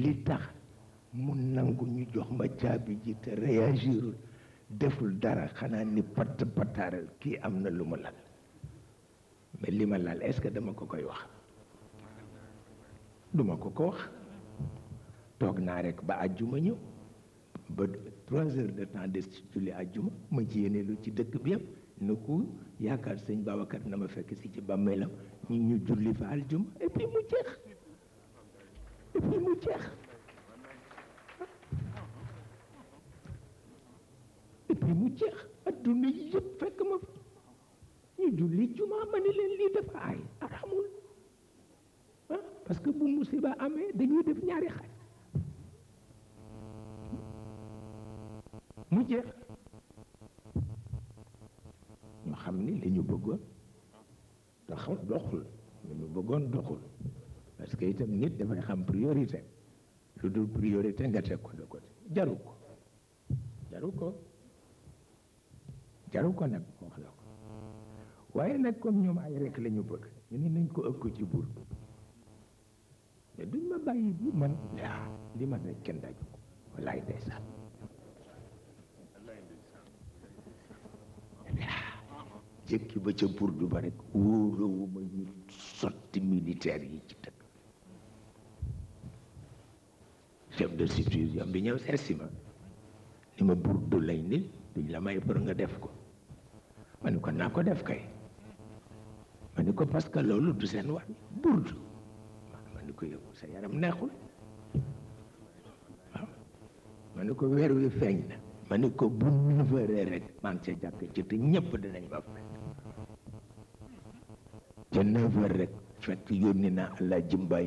li tax mu nangu ñu jox ma caabi ji te réagirul deful dara xanaa ni patt pataaral kii am na lu ma lal mais li ma lal est-ce que dama ko koy wax duma ko ko wax toog naa rek ba àjjuma ñëw ba trois heures de temps des ci julli àjjuma ma ci yéene lu ci dëkk bi yëpp nu ku yaakaar sëñ Babacar na ma fekk si ci bàmmeelam ñu ñu julli fa àjjuma et mu jeex bi mu mu jeex adduna yëpp fekk ma ñu julli jumaa ma ne leen lii dafa aay aramul parce que bu musiba amee dañuy def ñaari xaj mu jeex ñu xam ni li bëggoon doxul doxul li bëggoon doxul parce que itam nit dafay xam priorité lu dul priorité nga teg ko de côté jaru ko jaru ko jaru ko nag wax la ko waaye nag ñoom ay rek la bëgg ñu ni nañ ko ëpp ci buur te duñ ma bàyyi bi man li ma nekk kenn daju ko wallaay ndeysaan jëkki ba ca buur du ba rek wóoloowu ma sotti militaire yi ci dëkk ceeb de substitution bi ñëw seet si ma ni ma buur du lay nit duñ la may pour nga def ko ma ni ko naa ko def kay ma ko parce que loolu du seen wax buur du ma ko yow sa yaram neexul waaw ma ni ko weer wi feeñ na ma ni ko bu neuf heures rek maa ngi ca jàkk ci te ñëpp dinañ ma fekk ca neuf heures rek fekk yónni naa allah jimbaay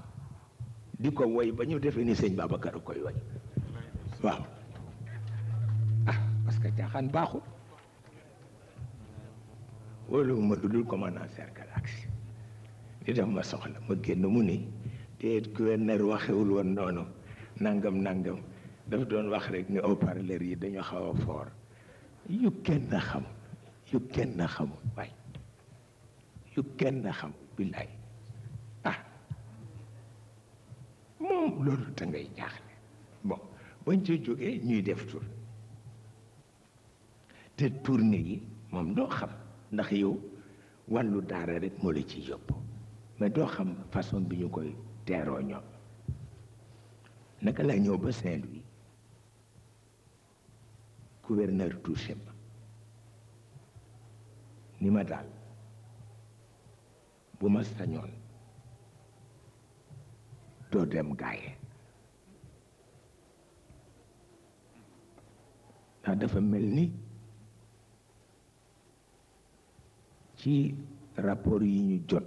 di ko woy ba ñu defee ni sëñ Babacar koy woy waaw ah parce que caaxaan baaxul wóolu ko dudul a cercle aksi ni def ma soxla ma génn mu ni te gouverneur waxewul woon noonu nangam nangam daf doon wax rek ni haut yi dañu xaw a foor yu kenn xamul yu kenn xamul waay yu kenn xamul billaay moom loolu da ngay jaaxle bon bañ ca jógee ñuy def tur te tournée yi moom doo xam ndax yow wallu daara rek moo la ci yóbbu mais doo xam façon bi ñu koy teeroo ñoom naka la ñëw ba saint yi gouverneur touché ma ni ma daal bu ma sañoon doo dem gaaye ndax dafa mel ni ci rapport yi ñu jot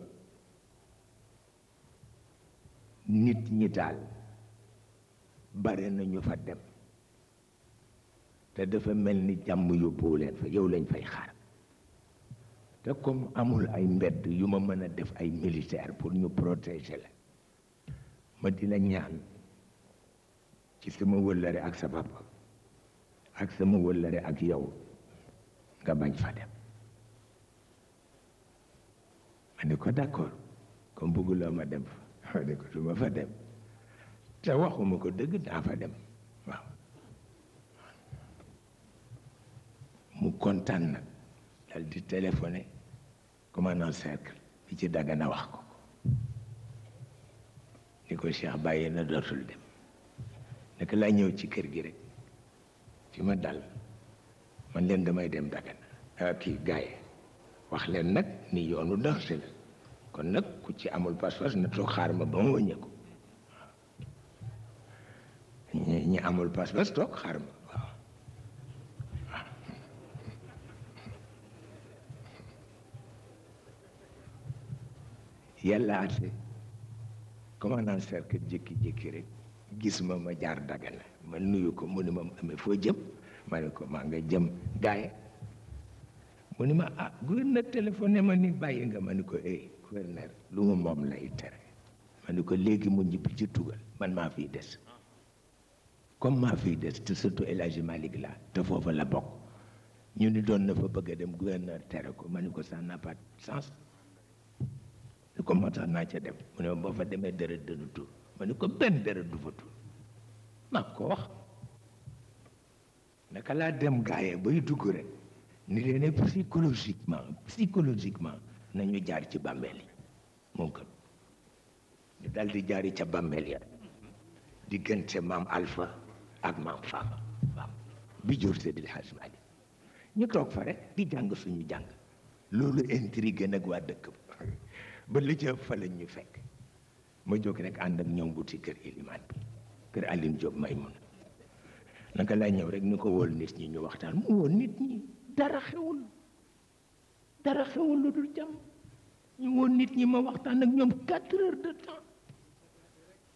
nit ñi daal bare na ñu fa dem te dafa mel ni jàmm yóbbuwu leen fa yow lañ fay xaar te comme amul ay mbedd yu ma mën a def ay militaire pour ñu protéger la ma dina ñaan ci sama wëllëre ak sa papa ak sama wëllëre ak yow nga bañ fa dem ma ne ko d'accord comme bëgguloo ma dem fa ma ne ko du ma fa dem te waxuma ko dëgg daa fa dem waaw mu kontaan nag dal di téléphoné commandant cercle bi ci Dagana wax ko ni ko Cheikh bàyyi na dootul dem naka laa ñëw ci kër gi rek fi ma dal man leen damay dem Dagana ah, kii gaaye wax leen nag ni yoonu dox si kon nag ku ci amul pas-pas na toog xaar ma ba ma wëññeeku ñi amul pas-pas toog xaar ma waaw yàlla ate commandant cercle jékki-jékki rek gis ma ma jaar Dagana ma nuyu ko mu ni ma amee foo jëm ma ne ko maa nga jëm gaaya mu ni ma ah gouverneur ma ni bàyyi ni ko eh gouverneur lu mu moom lay tere ma ko léegi mu ñibbi ci tugal man maa fiy des comme maa fiy des te surtout El Hadji Malick la te foofa la bokk ñu doon na fa bëgg a dem gouverneur tere ko ma ni ko ça n'a pas ni ko moo tax naa ca dem mu ne boo fa demee deret dana tuur ma ni ko benn deret du fa tuur maa ko wax naka laa dem gaaye bay dugg rek ni leen psychologiquement psychologiquement nañu jaar ci bàmmeel yi moom kat ñu dal di jaari ca bàmmeel ya diggante maam Alpha ak maam Faama waaw bi jur Seydil Hadj Malick ñu toog fa rek di jàng suñu jàng loolu intrigue nag waa dëkk ba li ca fa lañ ñu fekk ma jóg rek ànd ak ñoom buti kër ilimaan bi kër Aline Diop Maymouna naka laa ñëw rek nu ko wóol nit ñi ñu waxtaan mu wóol nit ñi dara xewul dara xewul lu dul jàmm ñu wóol nit ñi ma waxtaan ak ñoom quatre heures de temps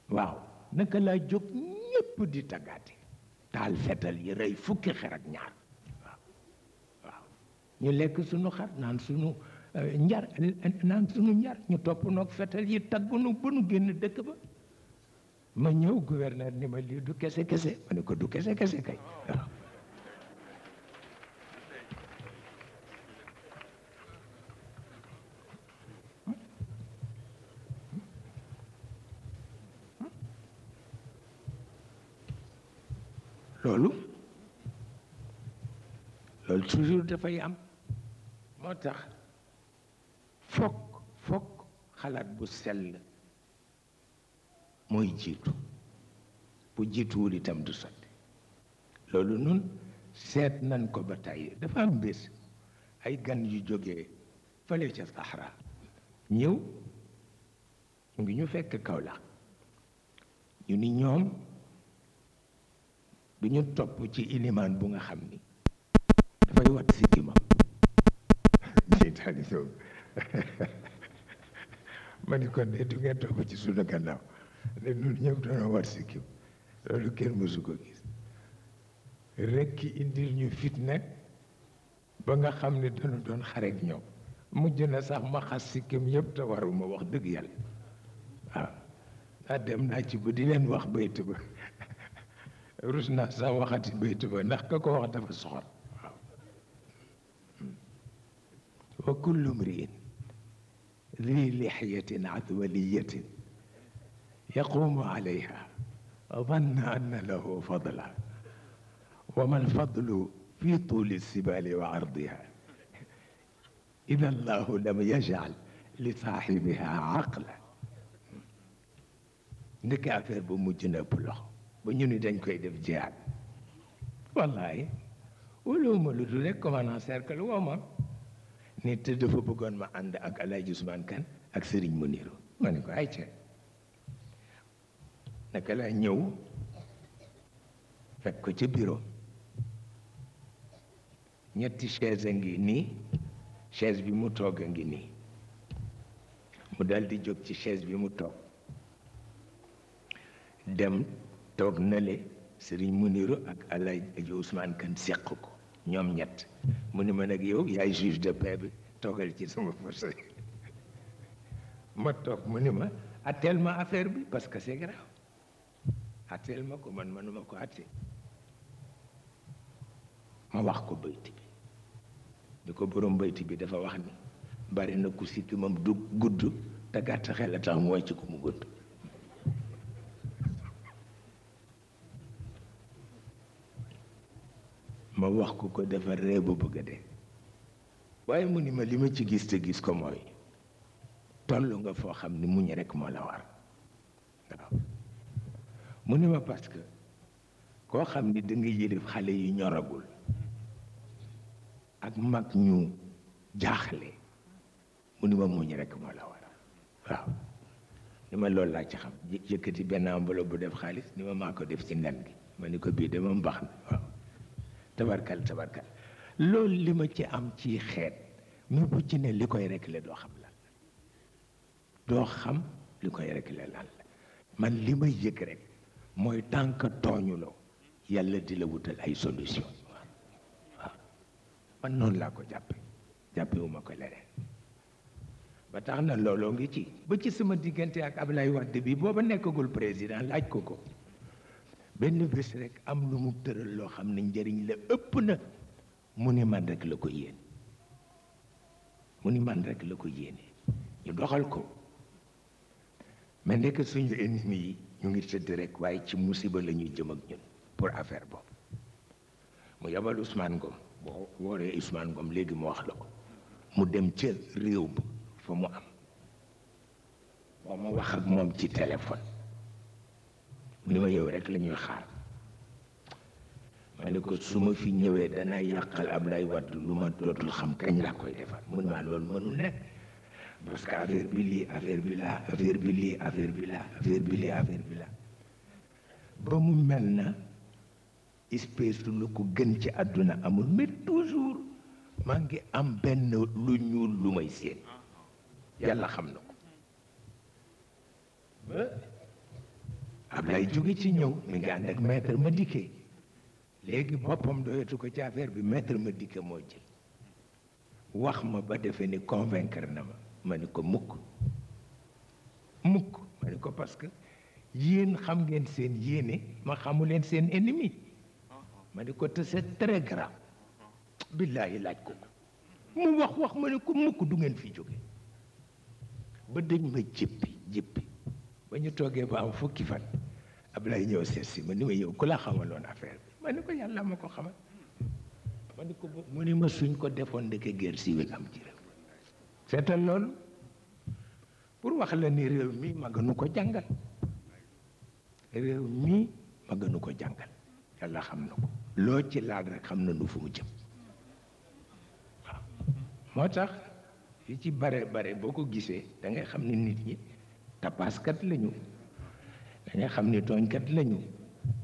waaw naka laa jóg ñépp di taggaate taal fetal yi rey fukki xer ak ñaar waaw waaw ñu lekk suñu xar naan Eh, njar eh, eh, naan sunu njar ñu topp noog fetal yi tagg nu ba nu génn dëkk ba ma ñëw gouverneur ni ma lii du kese kese ma ne ko du kese kese kay loolu loolu toujours dafay am moo tax fokk fokk xalaat bu sell mooy jiitu bu jiituwul itam du sotti loolu nun seet nan ko ba tàyyi dafa am bés ay gan yu jógee fële ca Sahara ñëw ñu ngi ñu fekk Kaolack ñu ni ñoom du ñu topp ci ilimaan bu nga xam ni dafay wat sikkimam ma ni kon de du ngeen topp ci suñu gannaaw ne ñun ñëpp dañoo war sikkim loolu kenn mësu ko gis rek ki indil fit fitna ba nga xam ne dañu doon xarek ñoom mujj na sax ma xas sikkim yëpp te waruma wax dëgg yàlla waaw ah, ndax dem naa ci ba di leen wax baytu ba rus naa sax waxati baytu ba ndax ka ko wax dafa soxor waaw hmm. wa kullu mriin ذي لحية عذولية يقوم عليها ظن أن له فضلا وما الفضل في طول السبال وعرضها إذا الله لم يجعل لصاحبها عقلا نك أفير بمجنة بلغ بنيوني دنك ويدف والله ولو ملدو لكم أنا سيركل ومن nit dafa bëggoon ma ànd ak Alaaji Usmaan Kan ak Sëriñ Muniru ma ne ko ay ca naka laa ñëw fekk ko ci bureau ñetti chaise a ngi nii chaise bi mu toog a ngi nii mu daldi jóg ci chaise bi mu toog dem toog nale Sëriñ Muniru ak Alaaji Usmaan Kan séq ko ñoom ñett mu ni ma nag yow yaay juge de paix bi toogal ci sama fossé ma toog mu ni ma atteel ma affaire bi parce que c'est grave atteel ma ko man manuma ko atte ma wax ko bayti bi di ko borom bayti bi dafa wax ni bari na ku sikki ma du gudd te gàtt xel a tax mu wàcc ko mu gudd ma wax ko ko dafa ree ba bëgg a waaye mu ma li ma ci gis te gis ko mooy toll nga foo xam ni muñ rekk moo la war waaw mu parce que koo xam ni da nga yërif xale yu ñoragul ak mag ñu jaaxle mu ni ma rekk moo la war waaw ni ma loolu laa ci xam yëkkati benn ambolo bu def xaalis ni ma maa ko def ci nen gi ma ni ko bii dama mbax na tabarkal tabarkal loolu li ma ci am ci xeet mais bu ci ne li koy réglé doo xam la doo xam li koy réglé lan la man li may yëg rek mooy tànk tooñuloo yàlla di la wutal ay solution waaw man noonu laa ko jàppe jàppewuma ko leneen ba tax na looloo ngi ci ba ci sama diggante ak ab Ablaye Wade bi booba nekkagul président laaj ko ko benn bés rekk am lu mu tëral loo xam ne njariñ la ëpp na mu ni man rekk la ko yéene mu ni man rekk la ko yéene ñu doxal ko me ndekk suñu ennemi yi ñu ngi tëdd rekk waaye ci musiba la ñuy jëm ak ñun pour affaire boobu mu yabal Ousmane Ngom boo wooree Ousmane Ngom léegi mu wax la ko mu dem ca réew ba fa mu am boo ma wax moom ci téléphone ni ma yow rek la ñuy xaar ma ne ko su ma fi ñëwee danay yàqal Ablaye Wade lu ma dootul xam kañ laa koy defar mun maa loolu mënul nekk parce que affaire bi lii affaire bi laa affaire bi lii affaire bi affaire bi lii affaire bi laa ba mu mel na espèce lu ko gën ci àdduna amul mais toujours maa ngi am benn lu ñuul lu may seen yàlla xam na ko Ablaye jóge ci ñëw mi ngi ànd ak maître Madické léegi boppam doyatu ko ci affaire bi maître Madické moo jël wax ma ba defe ni convaincre na ma ma ni ko mukk mukk ma ni ko parce que yéen xam ngeen seen yéene ma xamuleen seen ennemi ma ni ko te c'est très grave billahi laaj ko mu wax wax ma ni ko mukk du ngeen fi jóge ba dañ ma jëppi jëppi ba ñu toogee ba am fukki fan Ablaye ñëw seet si ma ni ma yow ku la xamaloon affaire bi ma ni ko yàlla ma ko xamal ma ni ko mu ni ma suñ ko defoon ndeke guerre civile am ci réew seetal loolu pour wax la ni réew mi ma ko jàngal réew mi ma ko jàngal yàlla xam na ko loo ci laal rek xam na nu fu mu jëm moo tax yi ci bare bare boo ko gisee da ngay xam ni nit ñi tapaskat lañu da nga xam ne tooñkat lañu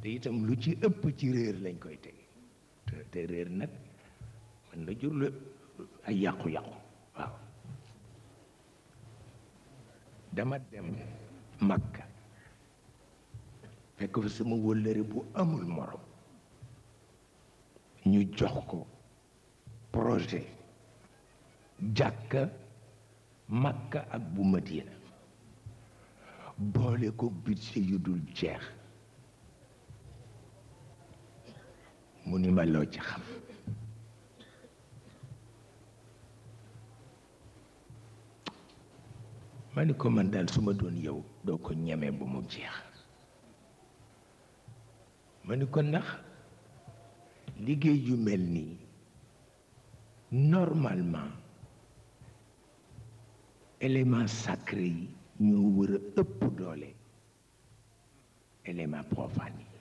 te itam lu ci ëpp ci réer lañ koy teg te te réer nag mën na jur la ay yàqu-yàqu waaw dama dem Makka fekk fa sama wëllëre bu amul morom ñu jox ko projet jàkka Makka ak bu Madina boole ko budget yu dul jeex mu ni ma loo ci xam ma ni ko man daal su ma doon yow doo ko ñeme bu mu jeex ma ni ko ndax liggéey yu mel nii normalement élément sacré yi ñoo wër ëpp doole élément profane yi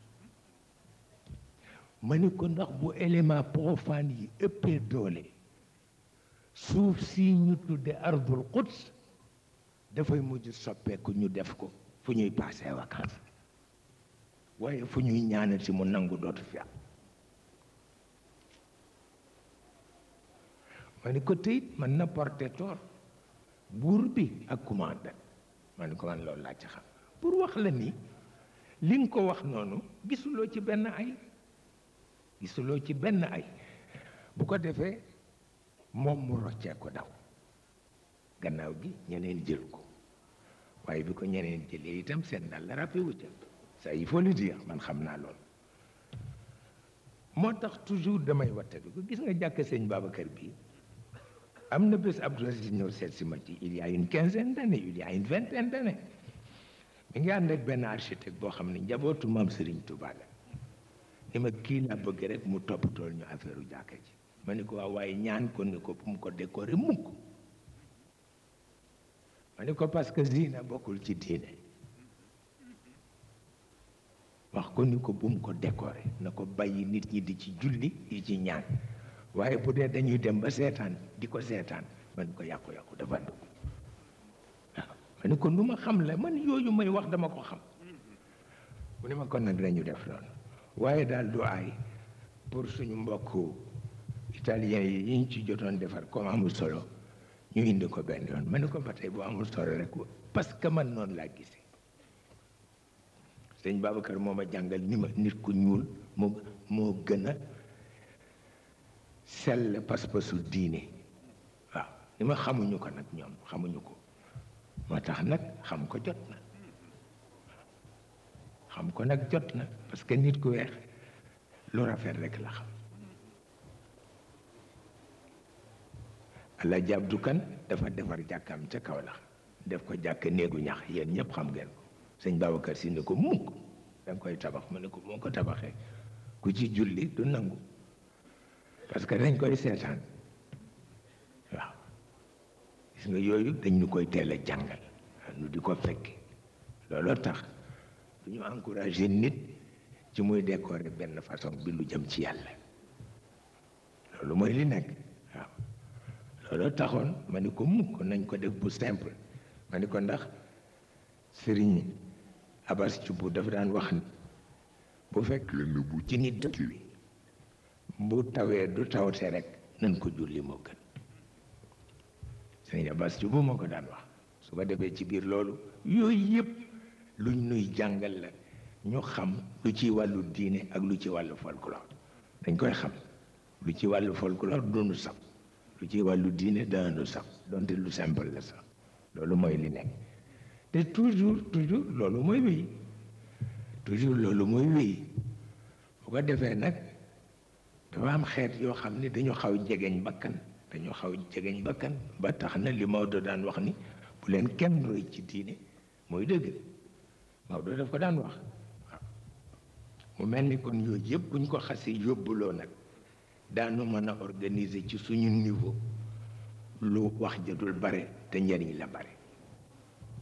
ma ni ko ndax bu élément profane yi ëppee doole suuf si ñu tudde ardul quds dafay mujj soppeeku ñu def ko fu ñuy passé vacances waaye fu ñuy ñaanal si mu nangu dootu fi ma ni ko teyit man na porté tort buur bi ak commandant ma ne ko man loolu laa ci xam pour wax la ni li nga ko wax noonu gisuloo ci benn ay gisuloo ci benn ay bu ko defee moom mu roccee ko daw gannaaw gi ñeneen jël ko waaye bi ko ñeneen jëlee itam seen dal la ràppewu ca ça il faut man xam naa loolu moo tax toujours damay wattali ko gis nga jàkk sëñ Babacar bii am na bés Abdou Aziz ñëw seet si ma ci il y a une quinzaine d'années il y a une vingtaine d'années ngi ànd ak benn architecte boo xam ne njabootu maam Serigne Touba la ni ma kii laa bëgg rek mu toppatoo ñu affaire u jàkka ji ma ni ko waaw waaye ñaan ko ko bu mu ko décorer mukk ko parce que zina bokkul ci diine wax ko ni ko ko décorer na ko bàyyi nit ñi di ci julli di ci ñaan waaye bu dee dañuy dem ba seetaan di ko seetaan man ko yàqu-yàqu dafa dugg waaw ma ne ko nu ma xam la man yooyu may wax dama ko xam mu ne ma kon nag dañu def loolu waaye daal du aay pour suñu mbokk italien yi yi ñu ci jotoon defar comme amul solo ñu indi ko benn yoon ma ne ko ba tey bu amul solo rek parce que man noonu laa gisee sëñ Babacar moom a jàngal ni nit ku ñuul moo moo a sell pas su diine waaw li ma xamuñu ko nag ñoom xamuñu ko moo tax nag xam ko jot na xam ko nag jot na parce que nit ku weex lu rafet rek la xam ala jabdu kan dafa defar jàkkaam ca kaw la def ko jàkk néegu ñax yéen ñëpp xam ngeen ko sëñ Babacar Si ne ko mukk da koy tabax ma ne ko moo ko tabaxee ku ci julli du nangu parce que dañ koy seetaan waaw gis nga yooyu dañ ñu koy teel a jàngal nu di ko fekke looloo tax du ñu encouragé nit ci muy décorer benn façon bi lu jëm ci yàlla loolu mooy li nekk waaw looloo taxoon ma ni ko mukk nañ ko def bu simple ma ni ko ndax sëriñ Abass Thioub dafa daan wax ni bu fekk ci nit dëkk bu tawee du tawte rek nañ ko julli moo gën sëñ Abbas ci bu ko daan wax su ko defee ci biir loolu yooyu yëpp luñ nuy jàngal la ñu xam lu ci wàllu diine ak lu ci wàllu folklore dañ koy xam lu ci wàllu folklore dunu sax lu ci wàllu diine daanu sax donte lu simple la sax loolu mooy li nekk te toujours toujours loolu mooy wéy toujours loolu mooy wéy bu ko defee nag dafa am xeet yoo xam ne dañu xaw jegeñ bakkan dañu xaw jegeñ bakkan ba tax na li Maodo daan wax ni bu leen kenn roy ci diine mooy dëgg Maodo daf ko daan wax mu mel ni kon yooyu yëpp buñ ko xasee yóbbuloo nag daanu mën a organiser ci suñu niveau lu wax jadul bare te njariñ la bare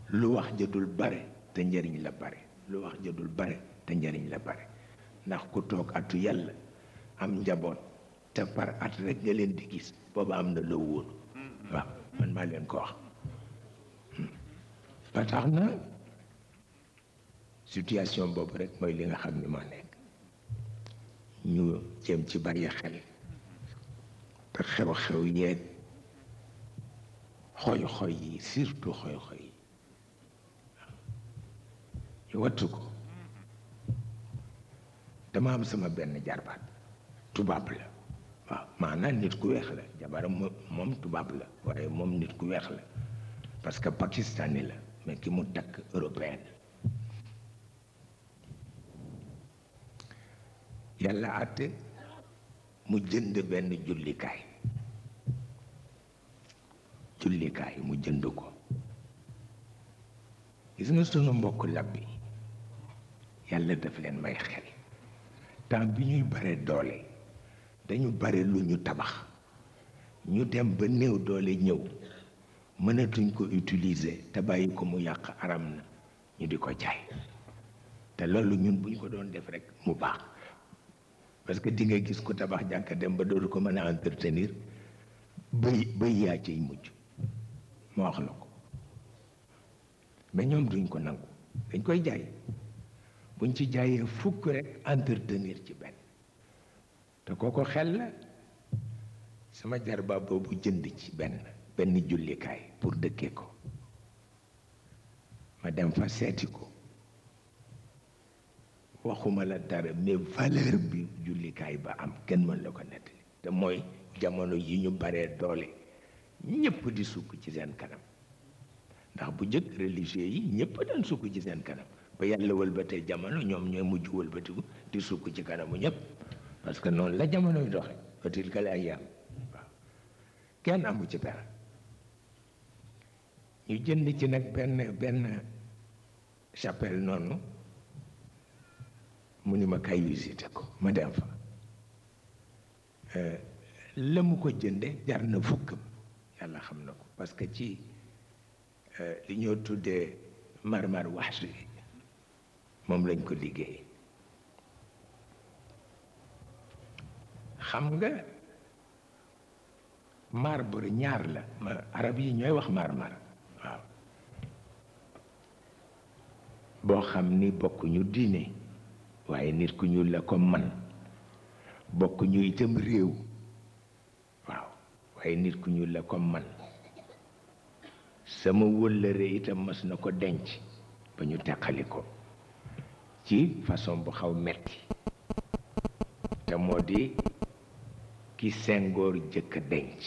lu wax jëtul bare te njariñ la bare lu wax jadul bare te njariñ la bare ndax ku toog atu yàlla am njaboot te par at rek nga leen di gis booba am na loo wóor waaw man maa leen ko wax hmm. ba na situation boobu rek mooy li nga xam ni ma nekk ñu jëm ci bàyyi xel te xew-xew yeeg xoy-xoy yi surtout xoy-xoy yi ñu ko dama am sama benn jarbaat tubaab la waaw maanaam nit ku weex la jabaram moom tubaab la waaye moom nit ku weex la parce que pakistani la mais ki mu takk européenne yàlla àtte mu jënd benn jullikaay jullikaay mu jënd ko gis nga sunu mbokk labbi yàlla daf leen may xel temps bi ñuy bare doole dañu bari lu ñu tabax ñu dem ba néew doole ñëw mënatuñ ko utiliser te bàyyi ko mu yàq aram na ñu di ko jaay te loolu ñun bu ñu ko doon def rek mu baax parce que di nga gis ko tabax jàkka dem ba dootu ko mën a entretenir bëy bëy yaa ciy mujj ma wax la ko mais ñoom duñ ko nangu dañ koy jaay buñ ci jaayee fukk rek entretenir ci benn te kooko xel la sama jarba boobu jënd ci benn benn jullikaay pour dëkkee ko ma dem fa seeti ko waxuma la dara mais valeur bi jullikaay ba am kenn mën la ko nettali te mooy jamono yi ñu baree doole ñépp di sukk ci seen kanam ndax bu jëkk religieux yi ñépp daan sukk ci seen kanam ba yàlla walbatee jamono ñoom ñooy mujj wëlbatiku di sukk ci kanamu ñépp parce que noonu la jamonoy doxe fa tilkal ayyaam waaw kenn amu ci dara ñu jënd ci nag benn benn chapelle noonu mu ni ma kay visité ko ma dem fa euh, la mu ko jënde jar na fukkam yàlla xam na ko parce que ci euh, li ñoo tuddee marmar wax su moom lañ ko liggéey xam nga marbre ñaar la ma arab yi ñooy wax marmar waaw boo xam ni bokkuñu diine waaye nit ku ñuul la ko man bokkuñu itam réew waaw waaye nit ku ñuul la ko man sama wëllëre itam mas na ko denc ba ñu teqali ko ci façon bu xaw metti te moo di ki Senghor jëkk denc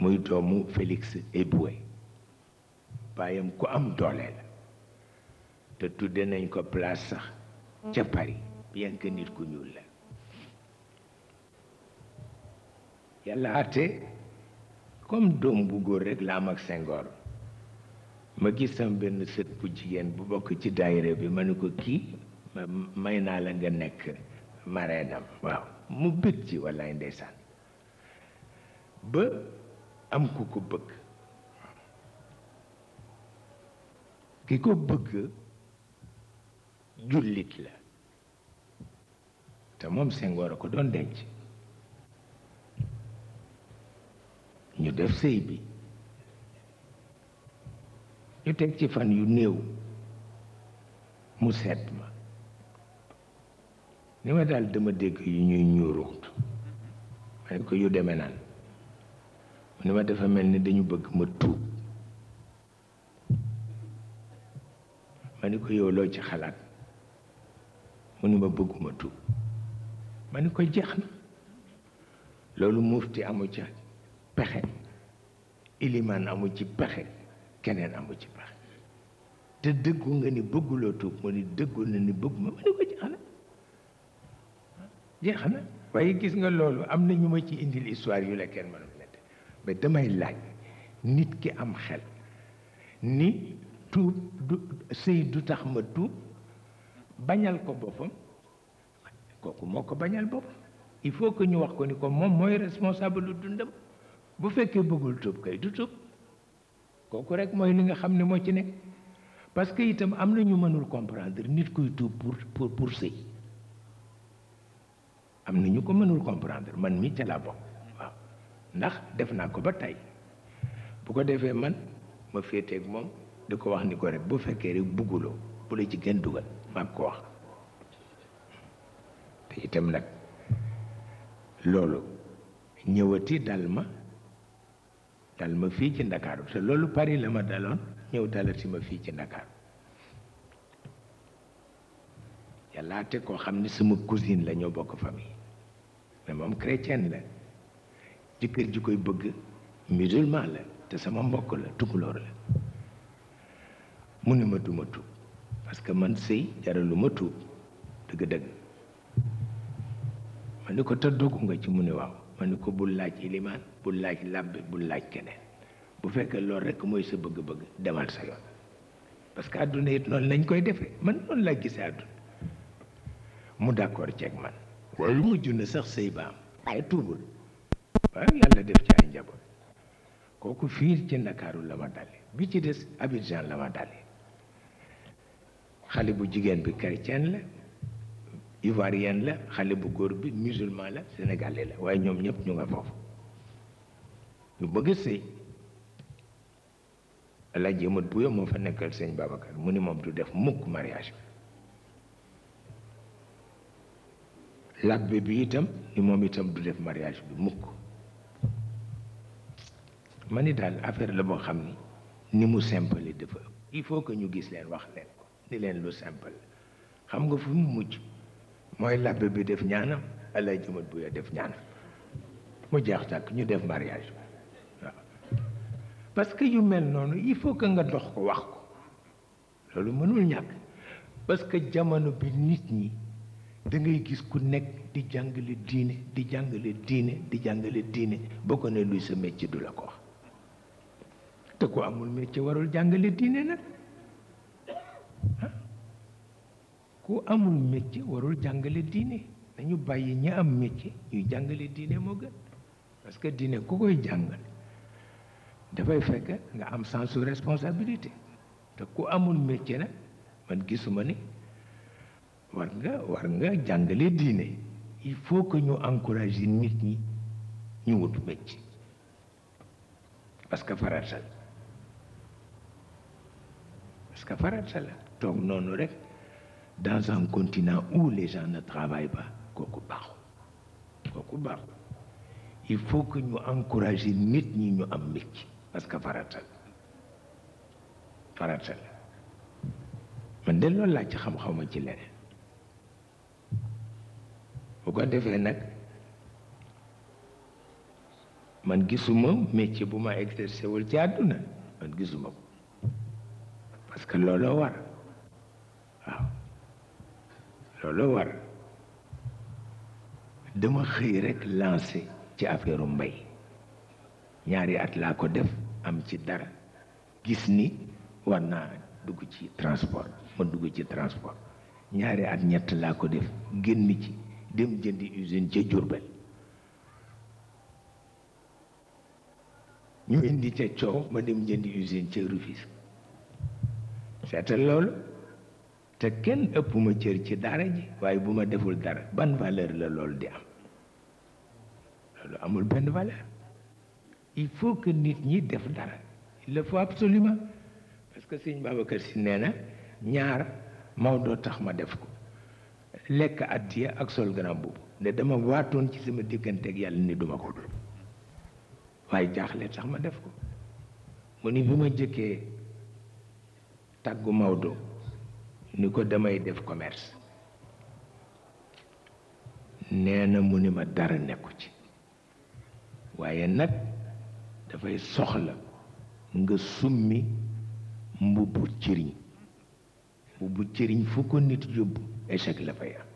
muy doomu Félix Éboué baayam ku am doole la te tudde nañ ko place sax ca Paris bien que nit ku ñuul la yàlla ate comme doom bu góor rekk la am ak Senghor ma gis sam benn sët bu jigéen bu bokk ci daayira bi ma ko kii may naa la nga nekk mareenam waaw mu bëgg ci wallaay ndeysaan ba am ku ko bëgg ki ko bëgg jullit la te moom Senghor a ko doon denc ñu def sëy bi ñu teg ci fan yu néew mu seet ni ma daal dama dégg yu ñuy ñuuru ma ne ko yu deme naan mu ne ma dafa mel ni dañu bëgg ma tuub ma ni ko yow ci xalaat mu ni ma bëgguma ko jeex na loolu mufti amu ci pexe ilimaan amu ci pexe keneen amul ci pexe te dëggu nga ni bëgguloo tuub mu ni dëggu na ni bëgguma ma ni ko jeex na jeex na waaye gis nga loolu am na ñu ma ci indi histoire yu la kenn mënul nett mais damay laaj nit ki am xel ni tuub du sëy du tax ma tuub bañal ko boppam kooku moo ko bañal boppam il faut que ñu wax ko ni ko moom mooy responsable lu dundam bu fekkee bëggul tuub kay du tuub kooku rek mooy li nga xam ne moo ci nekk parce que itam am na ñu mënul comprendre nit kuy tuub pour pour pour sëy am na ñu ko mënul comprendre man mi ca laa bokk waaw ndax def naa ko ba tey bu ko defee man ma féeteeg moom di ko wax ni ko rek bu fekkee rek bugguloo bu la ci gën dugal maa ko wax te itam nag loolu ñëwati dal ma dal ma fii ci ndakaaru te loolu Paris la ma daloon ñëw dalati ma fii ci ndakaaru yàllaate koo xam ne sama cousine la ñoo bokk famille mais moom chrétienne la jëkkër ji koy bëgg musulman la te sama mbokk la tukulóor la mu ni ma duma tuub parce que man sëy jaralu ma tuub dëgg-dëgg ma ni ko te dogu nga ci mu ne waaw ma ni ko bul laaj ilimaan bu laaj làbbe bu laaj keneen bu fekkee loolu rekk mooy sa bëgg-bëgg demal sa yoon parce que àdduna it noonu lañ koy defee man noonu laa gisee àdduna mu d'accord ceeg man lu mujj na sax sëy baam waaye tuubul waaye yàlla def ci ay njaboot kooku fii ci Ndakaaru la ma dale bi ci des Abidjan la ma dale xale bu jigéen bi chrétienne la ivoirienne la xale bu góor bi musulman la sénégalais la waaye ñoom ñëpp ñu nga foofu ñu bëgg sëy Alaaji Amat Buya moo fa nekkal sëñ Babacar mu ni moom du def mukk mariage bi labbe bi itam moom itam du def mariage bi mukk ma ni daal affaire la boo xam ni ni mu simple dafa ëpp il faut que ñu gis leen wax leen ko ni leen lu simple xam nga fu mu mujj mooy labbe bi def ñaanam alay jëmat bu ya def ñaanam mu jeex tàkk ñu def mariage waaw parce que yu mel noonu il faut que nga dox ko wax ko loolu mënul ñàkk parce que jamono bi nit ñi da ngay gis ku nekk di jàngale diine di jàngale diine di jàngale diine boo ko ne luy sa métier de la ko te ku amul métier warul jàngale diine nag ah? ku amul métier warul jàngale diine nañu bàyyi ñi am métier ñuy jàngale parce que ku koy nga am sens responsabilité te ku amul métier nag man gisuma war nga war nga jàngale diine il faut que ñu encourager nit ñi ñu wut mécc parce que farata la parce que farata la toog noonu rek dans un continent où les gens ne travaillent pas kooku baaxul kooku baaxul il faut que ñu encourager nit ñi ñu am mécc parce que farata la farata la man de loolu laa ci xam-xawma ci leneen bu ko defee nag man gisuma métier bu ma exercé wul ci àdduna man gisuma ko parce que looloo war waaw looloo war dama xëy rek lancé ci affaire mbay ñaari at laa ko def am ci dara gis ni war naa dugg ci transport ma dugg ci transport ñaari at ñett laa ko def génn ci dem jënd usine ca Jurbel ñu indi ca coow ma dem jëndi usine ca Rufisque seetal loolu te kenn ëpp ma cër ci dara ji waaye bu ma deful dara ban valeur la loolu di am loolu amul benn valeur il faut que nit ñi def dara il le faut absolument parce que sëñ Babacar Si nee na ñaar Maodo tax ma def ko lekk àddiya ak sol ganaam boobu ne dama waatoon ci sama diggante ak yàlla ni duma ko dul waaye jaaxle tax ma def ko mu ni bi ma jëkkee tàggu Maodo ni ko damay def commerce nee na mu ni ma dara nekku ci waaye nag dafay soxla nga summi mbubbu cëriñ mbubbu cëriñ fu ko nit yóbbu échec la fa yam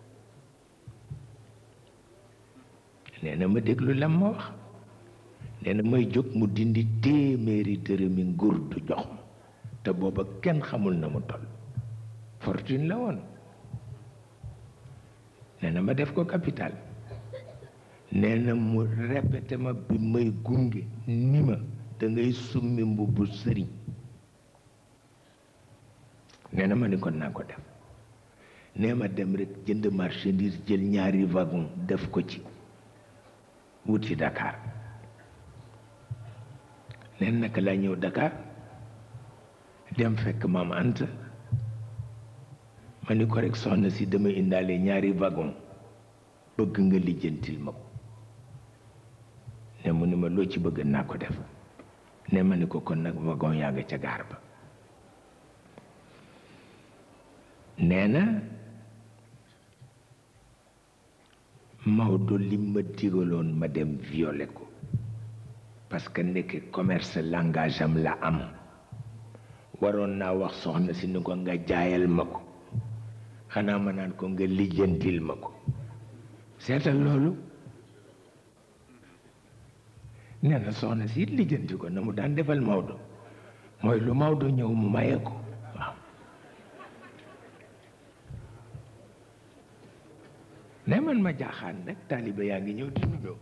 nee ma déglu lam ma wax nee may jóg mu dindi téeméeri dërëmi nguur du jox ma te booba kenn xamul na mu toll fortune la woon nee ma def ko capital nee na mu répété ma bi may gunge ni ma da summi mbubbu sëriñ nee ma ni kon naa ko def nee ma dem rek jënd marchandise jël ñaari wagon def ko ci wuti dakaar leen naka laa ñëw Dakar dem fekk maam Anta ma ni ko rek soxna si dama indaale ñaari wagon bëgg nga lijjantil ma ko ne mu ni ma loo ci bëgg naa ko def ne ma ni ko kon nag wagon yaa ca gaar ba nee na Maodo li ma digaloon ma dem violé ko parce que nekk commerce langagem la am waroon naa wax soxna si ni ko nga jaayal ma ko xanaa ma naan ko nga lijjantil ma ko seetal loolu nee na soxna si lijjanti ko na mu daan defal Maodo mooy lu Maodo ñëw mu maye ko ne man ma jaaxaan rek taaliba yaa ngi ñëw di nuyoo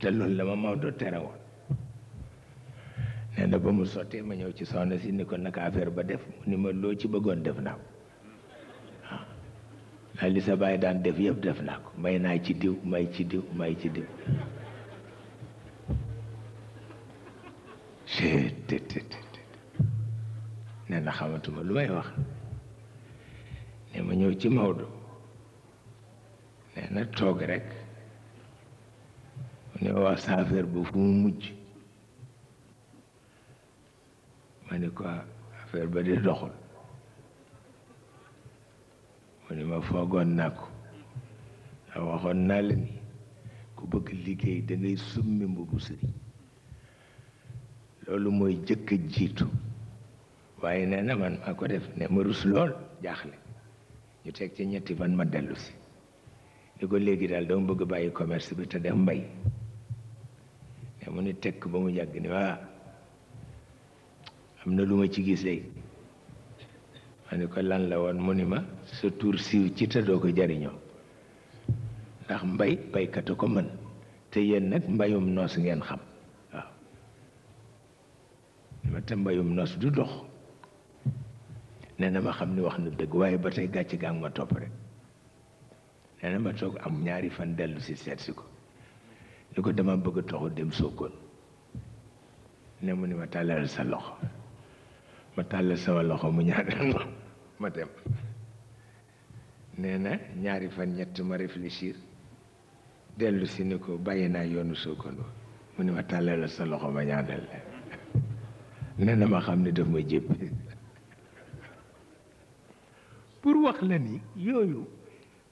te loolu la ma Maodo tere woon nee ba mu sottee ma ñëw ci soxna si ni ko naka affaire ba def mu ni ma loo ci bëggoon def naa ko waaw ah. li sa bàyyi daan def yëpp def naa ko may naa ci diw may ci diw may ci diw nee na xamatuma lu may wax ne ma ñëw ci Maodo nee toog rek mu ne waa sa affaire ba fu mu mujj ma ne ko ah, affaire ba di doxul mu ne ma foogoon naa ko ah, waxoon nal mi ku bëgg liggéey da ngay summi mbubu sëriñ loolu mooy jëkk jiitu waaye nee na man maa ko def ne ma rus lool jaaxle ñu teg ci ñetti fan ma dellusi ni ko léegi daal dama bëgg bàyyi commerce bi te def mbay mais mu ne tekk ba mu yàgg ni waa ah, am na lu ma ci gis léegi ma ni ko lan la woon mu ni ma sa tuur siiw ci te doo ko jariñoo ndax mbay baykat a ko mën te yéen nag mbayum noos ngeen xam waaw ma te mbayum noos du dox nee na ma xam ni wax na dëgg waaye ba tey gàcc gaa ma topp rek nee ma toog am ñaari fan dellu si seet si ko ni ko dama bëgg toxu dem sookoon ne mu ni ma tàllal sa loxo ma tàllal sama loxo mu ma dem nee na ñaari fan ñett ma réfléchir ko bàyyi naa yoonu sookoon ba mu ni sa loxo ma la nee na ma xam ne daf ma jépp pour wax la ni yooyu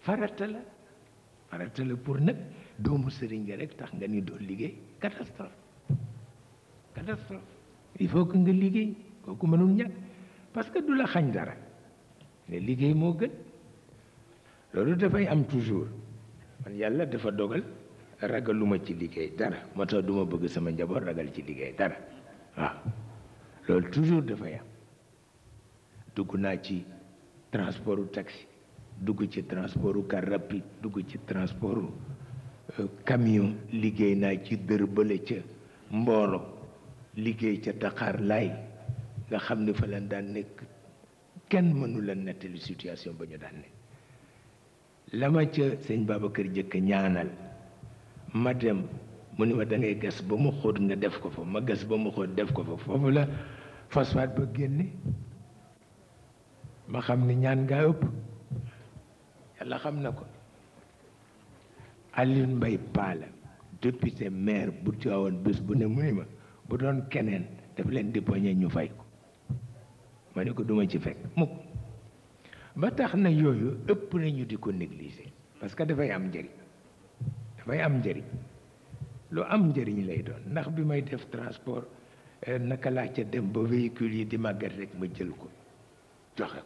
farata la la pour nag doomu sëriñ nga rek tax nga ni doon liggéey catastrophe catastrophe il faut que nga liggéey kooku mënul ñàkk parce que du la xañ dara liggéey moo gën loolu dafay am toujours man yàlla dafa dogal ragaluma ci liggéey dara moo tax duma bëgg sama njaboot ragal ci liggéey dara waaw loolu toujours dafay am dugg naa ci transportu taxi dugg ci transportu car rapide dugg ci transportu kamiyon euh, liggéey naa ci dër bële ca mbooloo liggéey ca Dakar lay nga xam ni fa lan daan nekk kenn mënu la nettali situation ba ñu daan nekk la ma ca sëñ Babacar jëkk ñaanal ma dem mu ni ma da gas ba mu xóot nga def ko fa ma gas ba mu xóot def ko fa foofu la phosphate ba génne ma xam ni ñaan ngaa ëpp yàlla xam na ko Alioune Mbaye Paala député maire bu Tiwaawoon bés bu ne mu ne ma bu doon keneen daf leen di poñe ñu fay ko ma ne ko duma ci fekk mukk ba tax na yooyu ëpp nañu di ko négliger parce que dafay am njëriñ dafay am njëriñ lu am njëriñ lay doon ndax bi may def transport eh, naka laa ca dem ba véhicule yi di màggat rek ma jël ko joxe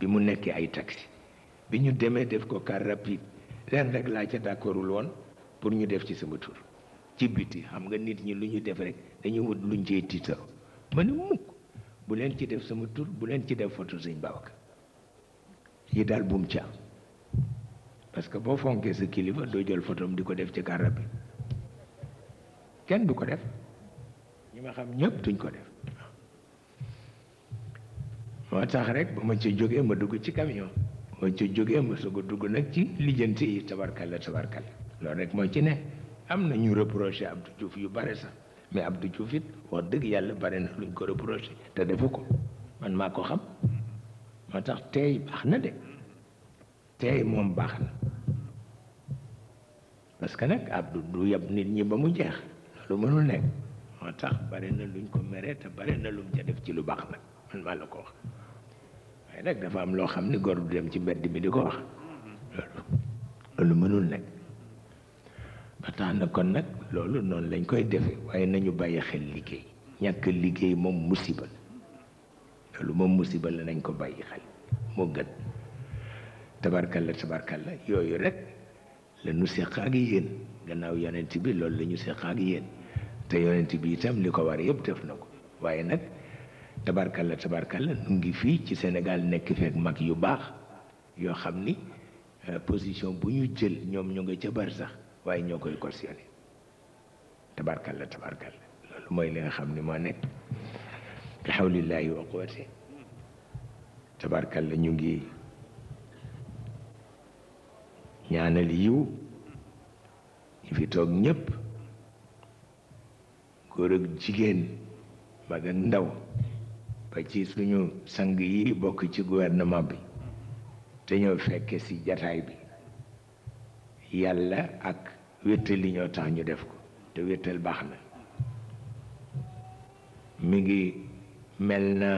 bi mu nekkee ay taxi bi ñu demee def ko car rapide leen rek laa ca d'accordul woon pour ñu def ci sama tur ci biti xam nga nit ñi lu ñu def rek dañu wut luñ cee sax ma ne mukk bu leen ci def sama tur bu leen ci def photo sëñ Babacar yi daal buum ca am parce que boo fonkee sa kilifa doo jël photom di ko def ci car rapide kenn du ko def ñu ma xam ñëpp duñ ko def moo tax rek ba ma ci jógee ma dugg ci camion moo ci jógee ma soog a dugg nag ci lijjanti yi tabarkalla tabarkalla loolu rek moo ci ne am na ñu reproché Abdou Diouf yu bare sax mais Abdou Diouf it wax dëgg yàlla bare na luñ ko reproché te defu ko man maa ko xam moo tax tey baax na de tey moom baax na parce que nag Abdou du yab nit ñi ba mu jeex loolu mënul nekk moo tax bare na luñ ko mere te bare na lu mu ca def ci lu baax nag man maa la ko wax waaye dafa am loo xam ni góor du dem ci mbedd mi di ko wax loolu mënul nekk ba tax na kon nag loolu noonu lañ koy defe waaye nañu bàyyi xel liggéey ñàkk liggéey moom musiba la loolu moom musiba la nañ ko bàyyi xel moo gën tabarkalla la yooyu rek la ñu seq ak yéen gannaaw yonent bi loolu lañu ñu ak yéen te yonent bi itam li ko war yëpp def na ko waaye nag tabarkal la tabarkal la nu ngi fii ci Sénégal nekk fekk mag yu baax yoo xam ni euh, position bu ñu jël ñoom ñu nga ca sax waaye ñoo koy cautionné tabarkalla tabarkal loolu mooy li xam ni moo nekk bi xawlillaahi wa quwwati tabarkalla ñu ngi ñaanal yiw ñu fi toog ñépp góor ak jigéen mag ndaw ba ci suñu sang yi bokk ci gouvernement bi te ñoo fekke ci jataay bi yàlla ak wéttal li ñoo tax ñu def ko te wéttal baax na mi ngi mel na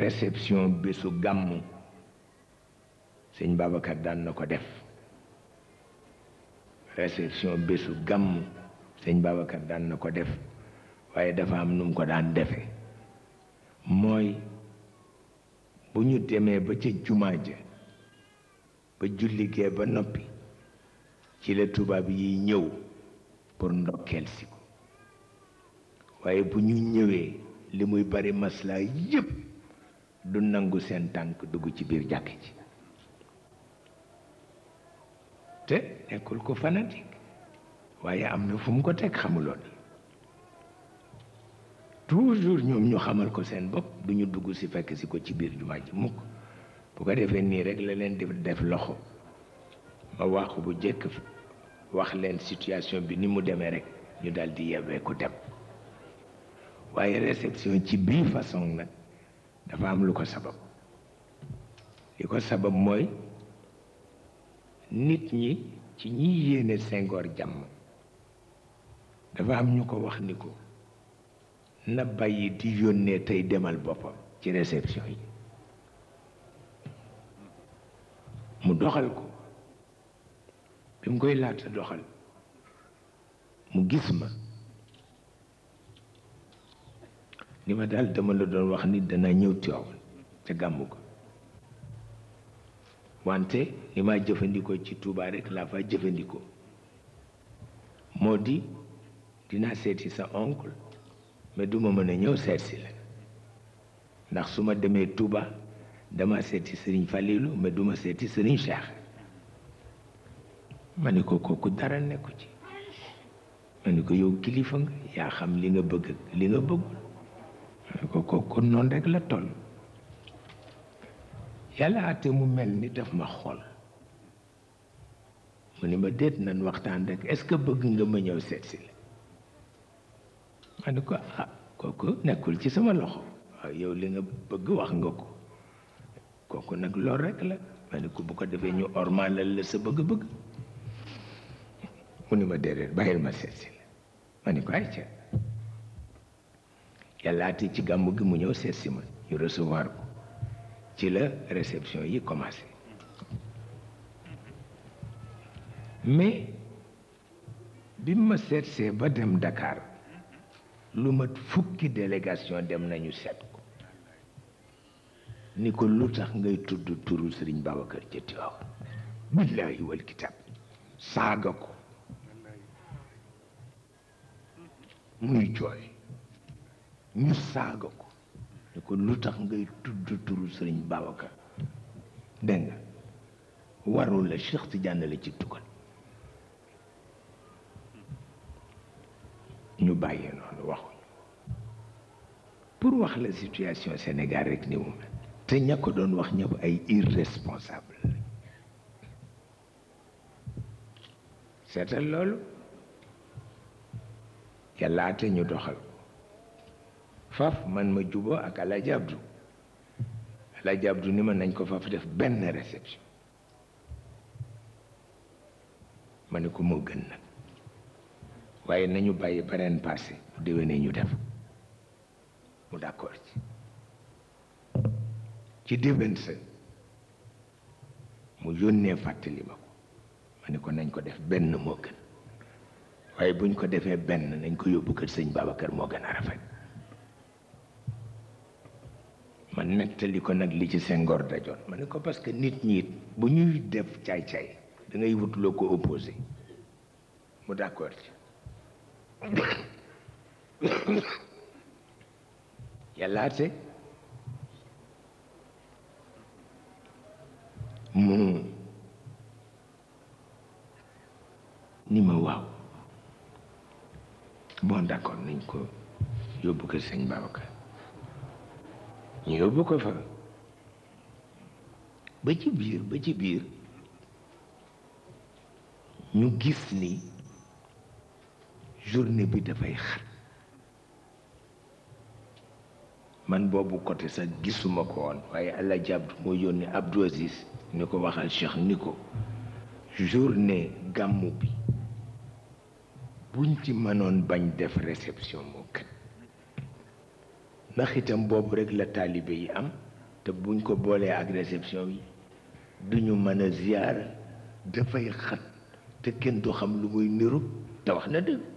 réception bésu gàmmu sëñ Babacar daan na ko def réception bésu gàmmu sëñ Babacar daan na ko def waaye dafa am nu mu ko daan defe mooy bu ñu demee ba ca jumaa ja ba julligee ba noppi ci la tubaab yi ñëw pour ndokkeel si ko waaye bu ñu ñëwee li muy bari maslaa yépp du nangu seen tànk dugg ci biir jàkk ji te nekkul ko fanatique waaye am na fu mu ko teg xamuloon toujours ñoom ñu xamal ko seen bopp duñu dugg si fekk si ko ci biir jumaa ji mukk bu ko defee nii rek la leen di def loxo ma wax bu jëkk wax leen situation bi ni mu demee rek ñu daldi di yebbee ku dem waaye réception ci bii façon nag dafa am lu ko sabab li ko sabab mooy nit ñi ci ñiy yéene Senghor jàmm dafa am ñu ko wax ni ko na bàyyi di yónnee tey demal boppam ci réception yi mu doxal ko bi mu koy laata doxal mu gis ma ni ma daal dama la doon wax ni dana ñëw Tiwaawan ca gàmmu ko wante li ma jëfandikoo ci Tuubaa rek laa fa jëfandikoo moo di dinaa seeti sa oncle mais du ma mën a ñëw seet si la ndax su ma demee Touba dama seeti Serigne Falilou mais du ma seeti Serigne Cheikh ma ni ko kooku dara nekku ci ma ni ko yow kilifa nga yaa xam li nga bëgg li nga bëggul ma ni ko kooku noonu rek la toll yàlla ate mu mel ni daf ma xool mu ni ma déet nan waxtaan rek est-ce que bëgg nga ma ñëw seet si la ma ne ko ah kooku nekkul ci sama loxo yow li nga bëgg wax nga ko kooku nag lool rek la ma ko bu ko defee ñu ormalal la sa bëgg-bëgg mu ni ma déedéet bàyyil ma si la ma ne ko ci gàmmu gi mu ñëw seet si ma ñu recevoir ko ci la réception yi commencé mais bi ma seetsee ba dem dakaar lu mat fukki délégation dem nañu seet ko ni ko lu tax ngay tudd turu Sëriñ Babacar ca Tiwaawan billaahi wal kitaab saaga ko muy jooy ñu saaga ko ni ko lu tax ngay tudd turu Sëriñ Babacar dégg nga warul la Cheikh Tidiane la ci tugal ñu bàyyi noonu waxuñu pour wax la situation Sénégal rek ni mu mel te ña ko doon wax ñëpp ay irresponsable seetal loolu yàllaate ñu doxal ko faf man ma juboo ak Alaaji Abdu Alaaji Abdu ni ma nañ ko faf def benn réception ma ne ko moo gën waaye nañu bàyyi beneen passé bu déwénee ñu def mu d'accord ci ci déwén sa mu yónnee fàttali ma ko ma ne nañ ko def benn moo gën waaye buñ ko defee benn nañ ko yóbbu kër sëñ Babacar moo gën a rafet ma nettali ko nag li ci Senghor dajoon ma ne ko parce que nit ñi bu ñuy def caay-caay da ngay ko opposé mu d'accord ci yalaate mu ni ma waaw bon d'accord nañ ko yóbbu ko sëñ Babacar ñu yóbbu ko fa biir ba biir ñu gis ni journée bi dafay xat man boobu côté sax gisuma ko woon waaye allah jabd moo yónni Abdou Aziz ni ko waxal Cheikh ni ko journée gàmmu bi buñ ci mënoon bañ def réception moo kat ndax itam boobu rek la talibé yi am te buñ ko boolee ak réception yi duñu mën a ziyaara dafay xat te kenn du xam lu muy niru te wax na dëgg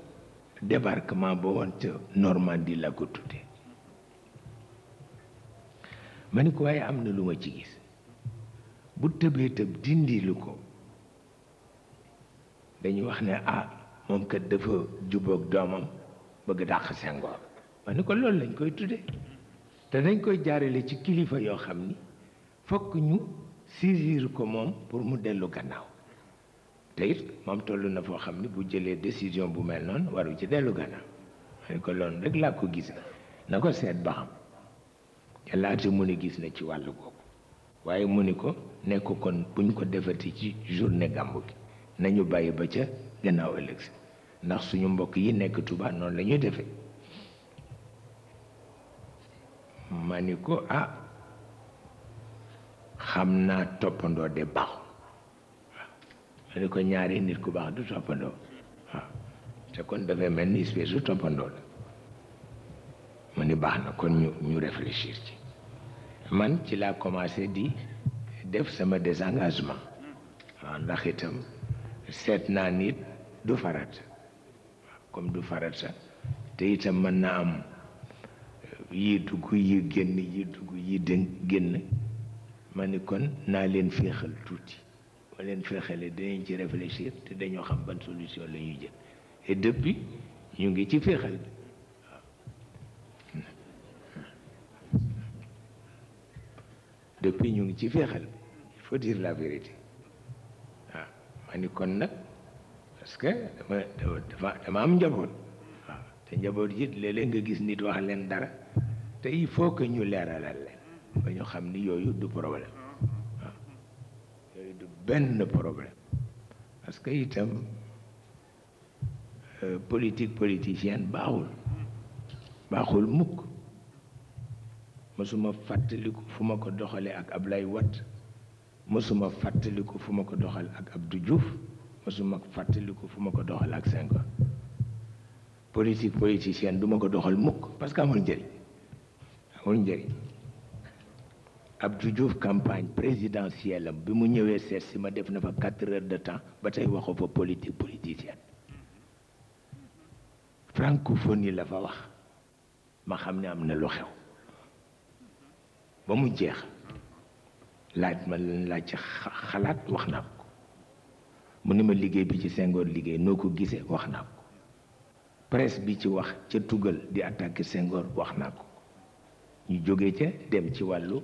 débarquement ba woon ca Normandie la ko tudde ma ni ko waaye am na lu ma ci gis bu tëbee tëb dindilu ko dañuy wax ne ah moom kat dafa jubóog doomam bëgg dàq sengoor ma ni loolu lañ koy tudde te dañ koy jaarale ci kilifa yoo xam ni fokk ñu saisir ko moom pour mu dellu gannaaw te moom toll na foo xam ne bu jëlee décision bu mel noonu waru ci dellu gannaaw xëy ko loolu rek laa ko gis na ko seet ba xam te laata mu ne gis na ci wàll googu waaye mu ni ko nekk kon buñ ko defati ci journée gàmmu gi nañu bàyyi ba ca gannaaw ëllëg si ndax suñu mbokk yi nekk Tuubaa noonu la defe defee ma ni ko ah xam naa toppandoo de baaxu ma ne ko ñaari nit ku baax du toppandoo waaw ah. te kon dafay mel ni espèce du toppandoo la mu ni baax na kon ñu ñu réfléchir ci man ci laa commencé di def sama désengagement waaw ah, ndax itam seet naa nit du farat comme du farata te itam mën naa am yi dugg yi génn yi dugg yi génn ma ni kon naa leen féexal tuuti ma leen fexele dinañ ci réfléchir te dañoo xam ban solution la ñuy jël et depuis ñu ngi ci fexel depuis ñu ngi ci fexel il faut dire la vérité waaw ah, ma ni kon nag parce que dama dama dama am njaboot waaw ah, te njaboot yi léeg-léeg nga gis nit wax leen dara te il faut que ñu leeralal leen ba ñu xam ni yooyu du problème benn problème parce que itam euh, politique politicienne baaxul baaxul mukk mësuma fàttaliku fu ma ko doxalee ak Ablaye Wade mësuma fàttaliku fu ma ko doxal ak Abdou Diouf mësuma fàttaliku fu ma ko doxale ak Senghor politique politicienne duma ko doxal mukk parce que amul njëriñ amul njëriñ ab Diouf campagne présidentielle am bi mu ñëwee seet si ma def na fa quatre heures de temps ba tey waxu fa politique politicienne francophonie la fa wax ma xam ne am na lu xew ba mu jeex laaj ma lan laa ci xalaat wax naa ko mu ne ma liggéey bi ci Senghor liggéey noo ko gisee wax naa ko presse bi ci wax ca tugal di attaquer sengoor wax naa ko ñu jóge ca dem ci wàllu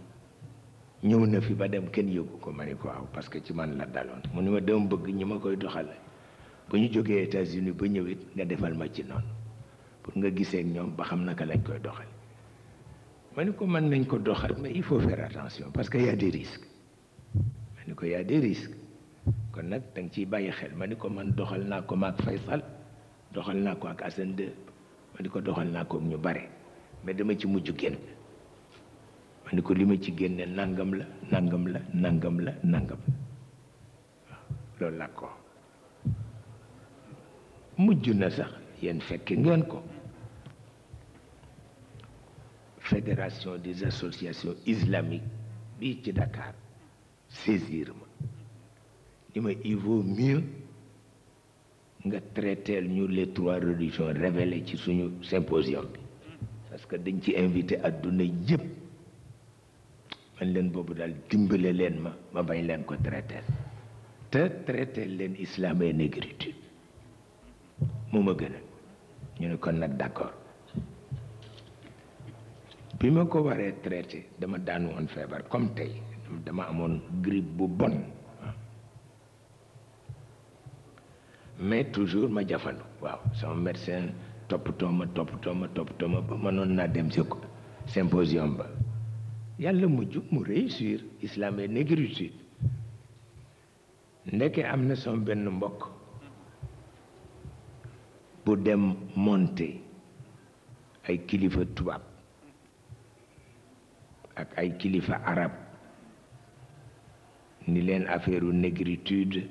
ñëw na fi ba dem kenn yóbbu ko ma ni ko waaw parce que ci man la daloon mu ni ma dama bëgg ñi ma koy doxal bu ñu jógee États-Unis ba ñëw it nga defal ma ci noonu pour nga gisee ñoom ba xam naka lañ koy doxal ma ni ko mën nañ ko doxal mais il faut faire attention parce que y a des risques ko y des risques kon nag da ciy bàyyi xel ma ni ko man doxal naa ko maag Faysal doxal naa ko ak Assane 2 ma di ko doxal naa ko ñu bare mais dama ci mujj génn ko li ci nangam la nangam la nangam la nangam ko sax fédération des associations islamiques Dakar saisir il vaut mieux nga traiter ñu les trois religions révélées ci suñu symposium parce que dañ ci invité yépp et je dal daal dimbale ma ma bañ ko traité te traité islam et négritude moma ma ñu ne kon d'accord bi ma ko waré traité dama daan comme dama grippe bu mais toujours ma waaw médecin ma symposium yàlla mujj mu réussir islam et négritude ndeke am na sama benn mbokk bu dem monte ay kilifa tubaab ak ay kilifa arab ni leen affaire u négritude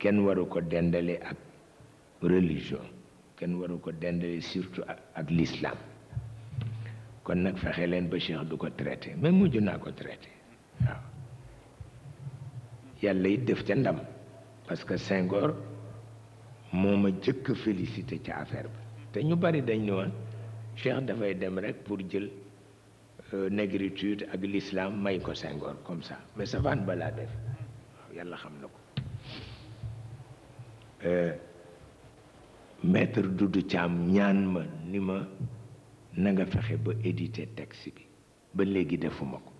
kenn waru ko dendale ak religion kenn waru ko dendale surtout ak l'islam kon nak fexé len ba Cheikh du traiter même mais mujj naa ko traité waaw yàlla def ca ndam parce que Senghor moma jëk jëkk félicité ca affaire bi té ñu bari dañ ñu woon Cheikh da fay dem rek pour jël euh, négritude ak l'islam may ko Senghor comme ça mais savaan bala def yalla xam nako euh maître Doudou cham ñaan ma ni ma na nga fexe ba édité texte bi ba léegi defuma ko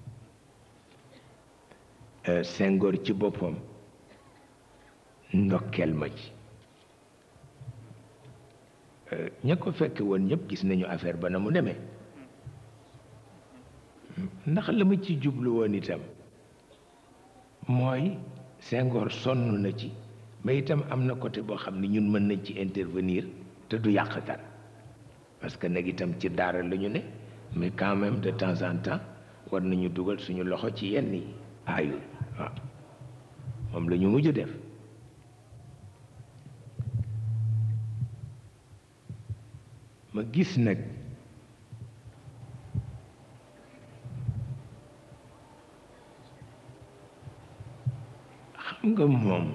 euh, Senghor ci boppam ndokkeel ma ci euh, ña ko fekke woon ñëpp gis nañu affaire ba na mu demee ndax la ma ci jublu woon itam mooy Senghor sonn na ci mais itam am na côté boo xam ne ñun mën nañ ci intervenir te du yàq dara parce que nag itam ci daara la ñu ne mais quand même de temps en temps war nañu dugal suñu loxo ci yenn yi aayul waaw moom la ñu mujj def ma gis nag xam nga moom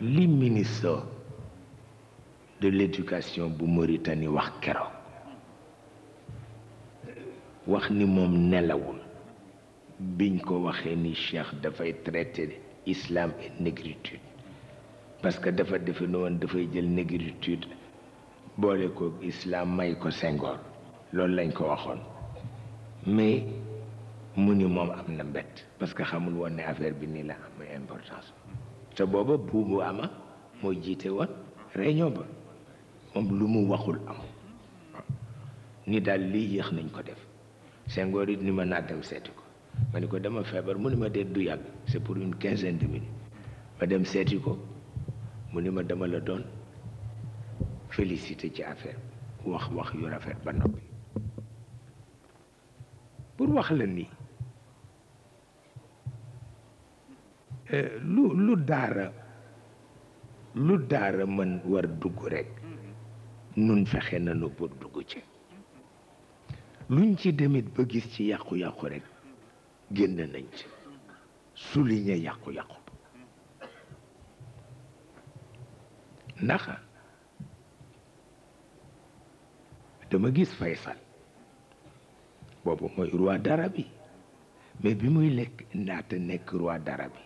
li ministre de l'éducation bu Mauritanie wax kéro wax ni mom nelawul biñ ko waxé ni Cheikh fay traiter islam et négritude parce que dafa defe ne da fay jël négritude bolé ko islam may ko Senghor loolu lañ ko waxone mais mu mom moom am na mbett parce que xamul ne affaire bi ni la am importance te booba buubu ama moo jiite woon réunion ba moom lu mu waxul am ni daal lii yéex nañ ko def Senghor it ni ma naa dem seeti ko ma ni ko demal feebar mu ni ma déet du yàgg c'est pour une quinzaine de minutes ma dem seeti ko mu ni ma demal la doon félicité ci affaire wax wax yu rafet ba noppi pour wax la nii Eh, lu lu daara lu daara mën war dugg rekk nun fexe na nanu pour dugg ci luñ ci demit ba gis ci yàqu-yàqu rekk génn nañ ci souligner yàqu-yàqu ndax dama gis Faysal boobu mooy dara bi mais bi muy lekk naata nekk dara bi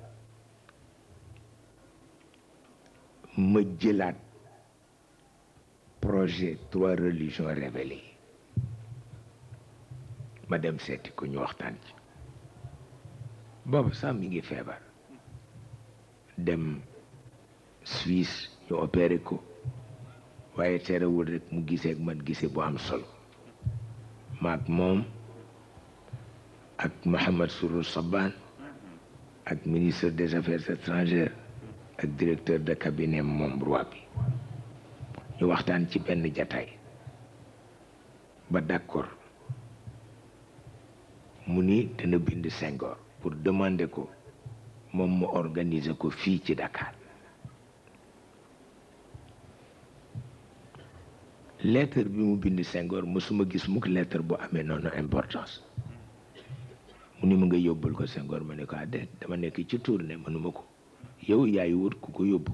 ma jëlaat projet trois religions révélées ma dem seeti ko ñu waxtaan ci boobu sax mi ngi feebar dem Suisse ñu opéré ko waaye terewul rek mu gisee ak man gise bu am solo maag moom ak Mohamed Sourou Sabane ak ministre des affaires étrangères ak directeur bi ne moom roi bi ñu waxtaan ci benn jataay ba d'accord mu ni dana bind Senghor pour demande ko moom mu organise ko fii ci Dakar lettre bi mu bind su ma gis mukk lettre bu amee noonu importance mu ni mu nga yóbbul ko sengoor ma ne ko ah dama nekk ci ne mënuma ko yow yaay wut ku ko yóbbu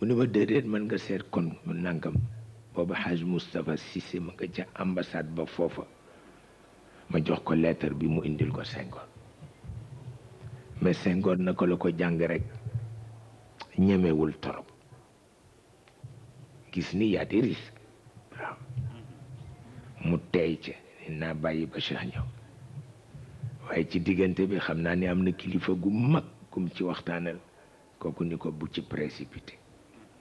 mu ne ma déedéet mën nga seet kon mu nangam booba xaaj Moustapha Cissé ma nga ca ambassade ba foofa ma jox ko leetar bi mu indil ko Senghor mais Senghor na ko la ko jàng rek ñemewul torop gis ni y a des mu tey ca naa bàyyi ba Cheikh ñëw waaye ci diggante bi xam naa ni am na kilifa gu mag kum ci waxtaanal kooku ni ko bu ci précipité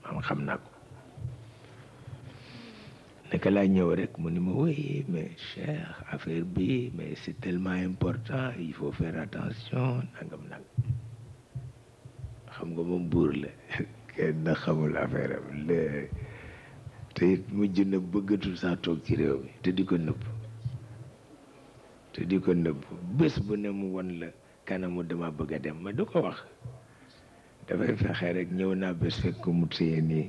man xam naa ko naka laa ñëw rek mu ni ma oui mais cher affaire bi mais c'est tellement important il faut faire attention nangam nang xam nga moom buur la kenn na xamul affaire am la te it mujj na bëggatul sax toog ci réew mi te di ko nëbb te di ko nëbb bés bu ne mu won la kanamu dama bëgg a dem ma du ko wax dafay fexe rek ñëw naa bés fekk mu téye nii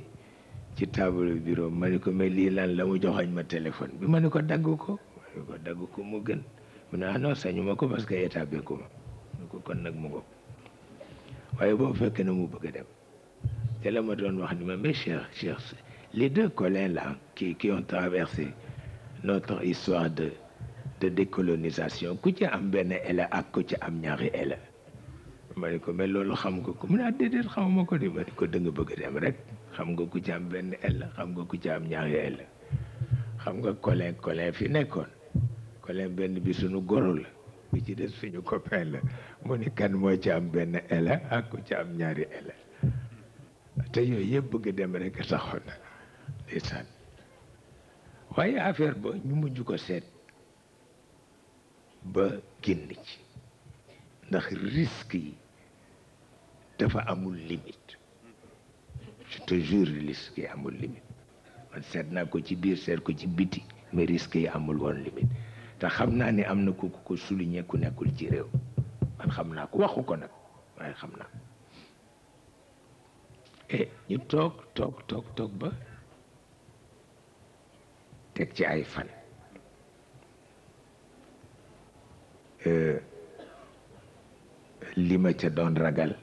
ci table bureau ma ni ko mais lii lan la mu joxoñ ma téléphone bi ma ni ko dagg ko ko mu gën mu ne ah non sañu ma ko parce que état bi ma ni ko kon nag mu ko waaye boo fekkee na mu bëgg a dem te la ma doon wax ni ma mais Cheikh Cheikh les deux collègues là qui qui ont traversé notre histoire de de décolonisation ku ci am ben ele ak ku ci am ñaari ele mané ko mel lolu xam nga ko mëna ne ah déedéet xamuma ko de ko da bëgg dem rek xam nga ku ci am ben ele xam nga ku ci am ñaari ele xam nga colin colin fi nekkoon colin ben bi suñu gorul bi ci dess suñu copain la mu kan mo ci am ben ele ak ku ci am ñaari ele té yoy yëpp bëgg dem rek taxoon na ndeysaan affaire ba ñu mujj ko sét ba génn ci ndax risque yi dafa amul limite je te jure yi amul limite man seet naa ko ci biir seet ko ci biti mais risque yi amul woon limit te xam naa ni am na ku ko souligné ku nekkul ci réew man xam naa ko waxu ko nag waaye xam naa e ñu toog toog toog toog ba teg ci ay fan Euh, li ma ca doon ragal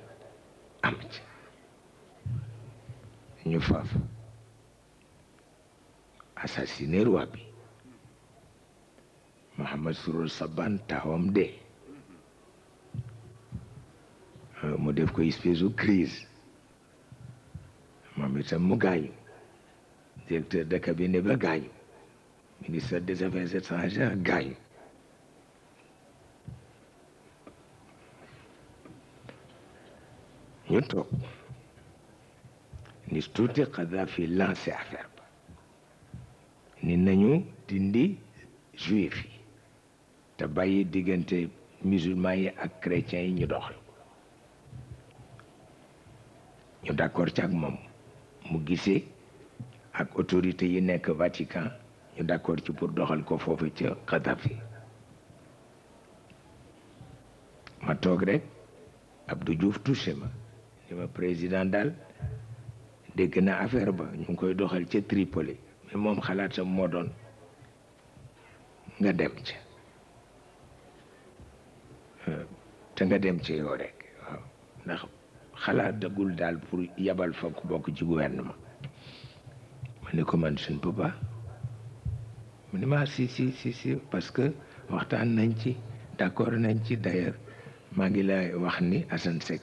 am ca ñu faaf assassiné roi bi Mohamed Surur Saban taawam de euh, mu def ko espèce de crise moom itam mu gaañu directeur de cabinet ba gaañu ministre des affaires étrangères gaañu ñu toog ni tuuti Kadhafi lancé affaire ni nañu dindi juif yi te bàyyi diggante musulman yi ak chrétiens yi ñu doxal ñu d'accord ci ak moom mu gisee ak autorité yi nekk Vatican ñu d'accord ci pour doxal ko foofu ca Kadhafi ma toog rek Abdou Diouf touché ma président daal dégg na affaire ba ñu ngi koy doxal ca Tripoli mais moom xalaatam moo doon nga dem ca te nga dem ca yow rek ndax xalaat dagul daal pour yabal fa ku bokk ci gouvernement ma ne ko man suñ papa mu ne ma ah, si si si si parce que waxtaan nañ ci d'accord nañ ci d'ailleurs maa ngi lay wax ni Assane Seck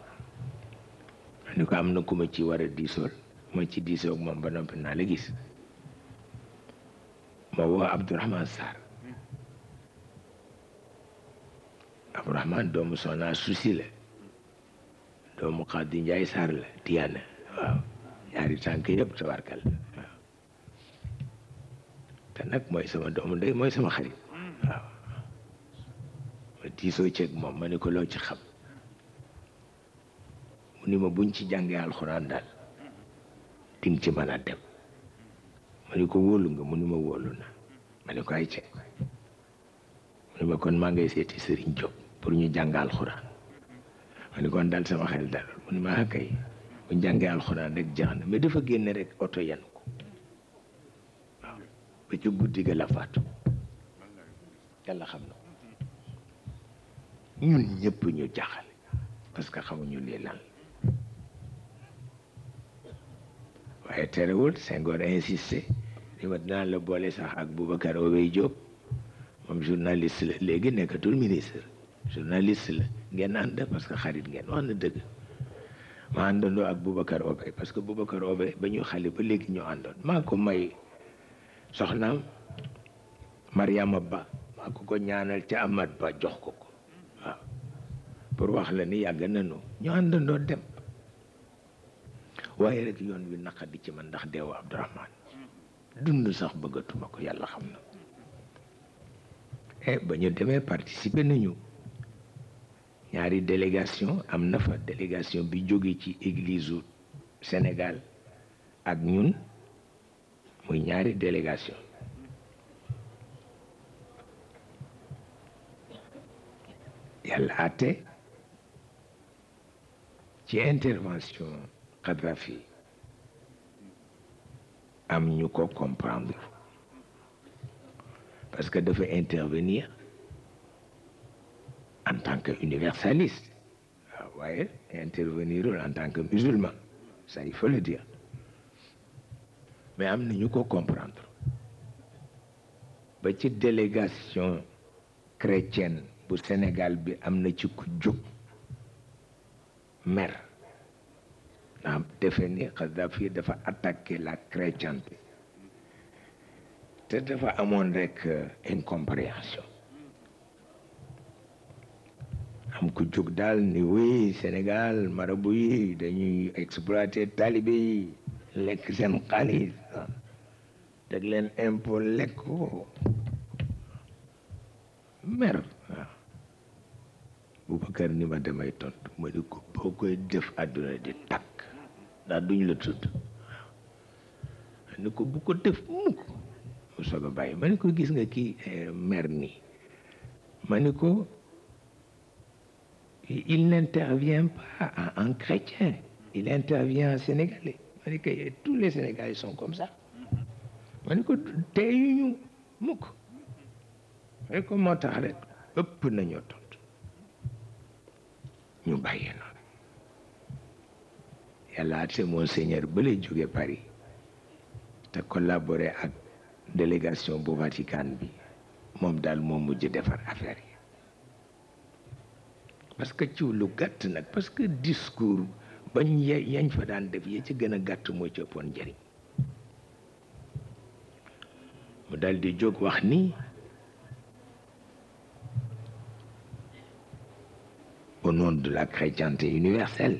ma ni ko am na ku ma ci war a diisool ma ci diisoog moom ba noppi naa la gis ma woo Abdourahman Sarr Abdourahman doomu soxna susi la doomu Xaadi Njaay Sarr la Tiyaana waaw ñaari tànk yëpp tabarkal waaw te nag mooy sama doomu ndey mooy sama xarit waaw ma diisoo ceeg moom ma ni ko loo ci xam mu ni ma buñ ci jàngee alxuraan daal ting ci mën a dem ma ni ko wóolu nga mu ni ma wóolu na ma ni ko ay ce mu ni ma kon maa ngay seeti Serigne Diop pour ñu jàng alxuraan ma ni kon dal sama xel dalul mu ni ma ah kay buñ jàngee alxuraan rek jeex na mais dafa génne rek oto yan ko waaw ba ci guddi ga yàlla xam na ñun ñëpp ñu jaaxal parce que xamuñu lii lan waaye terewul Senghor insisté li ma dinaa la boole sax ak Boubacar Obey Diop moom journaliste la léegi nekkatul ministre journaliste la ngeen ànd parce que xarit ngeen wax na dëgg ma àndandoo ak Boubacar Obey parce que Boubacar Obey ba ñu xale ba léegi ñu àndoon maa ko may soxnaam Mariama Ba maa ko ko ñaanal ca Ba jox ko ko waaw wax la ni yàgg nañu ñu àndandoo dem waaye rek yoon wi naqa di ci man ndax deewu Abdourahmane dund sax bëggatuma ko yàlla xam na e ba ñu demee participer nañu ñaari délégation am na fa délégation bi jóge ci église Sénégal ak ñun muy ñaari délégation yàlla àtte ci intervention Kadhafi am ñu comprendre parce que devait intervenir en tant que universaliste ah, voyez, intervenir en tant que musulman ça il faut le dire mais am ne comprendre ba délégation chrétienne pour Sénégal bi am naam defe ni Kadhafi dafa attaqué la chrétienté te dafa amoon rek euh, incompréhension am ku jóg daal ni oui Sénégal marabu yi dañuy exploité talibé yi lekk seen xaalis teg leen impôt lekk ko mer waaw ni ma damay tontu ma ni ko boo koy def àdduna di tàkk ndax duñ la tudd ni ko bu ko def mukk mu soog Maniko bàyyi ma ni ko gis nga kii eh, mer nii il n'intervient pas en chrétien il intervient en sénégalais ma eh, tous les sénégalais sont comme ça ma ni ko teeyuñu mukk ma ni ko moo tax rek ëpp nañoo tontu ñu bàyyi noonu a été monseigneur ba lay Paris a collaboré la délégation du Vatican bi affaire parce que tu lu gàtt parce que discours bañ yañ fa daan def ci a mu ni au nom de la chrétienté universelle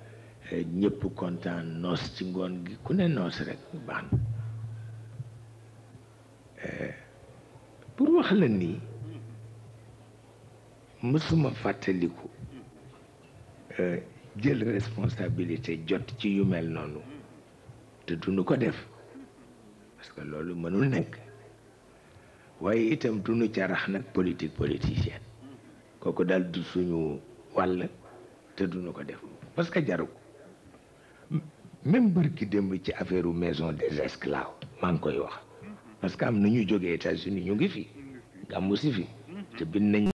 ñëpp kontaan noos ci ngoon gi ku ne noos rek baax na eh, pour wax la nii mësuma fàttaliku eh, jël responsabilité jot ci yu mel noonu te duñu ko def parce que loolu mënul nekk waaye itam du duñu carax nag politique politicienne kooku daal du suñu wàll te du duñu ko def parce que jaru ko même bërki démb ci affaire maison des esclaves maa ngi koy wax parce que am na ñu jógee États-Unis ñu ngi fi gàmmu si fi te bind nañ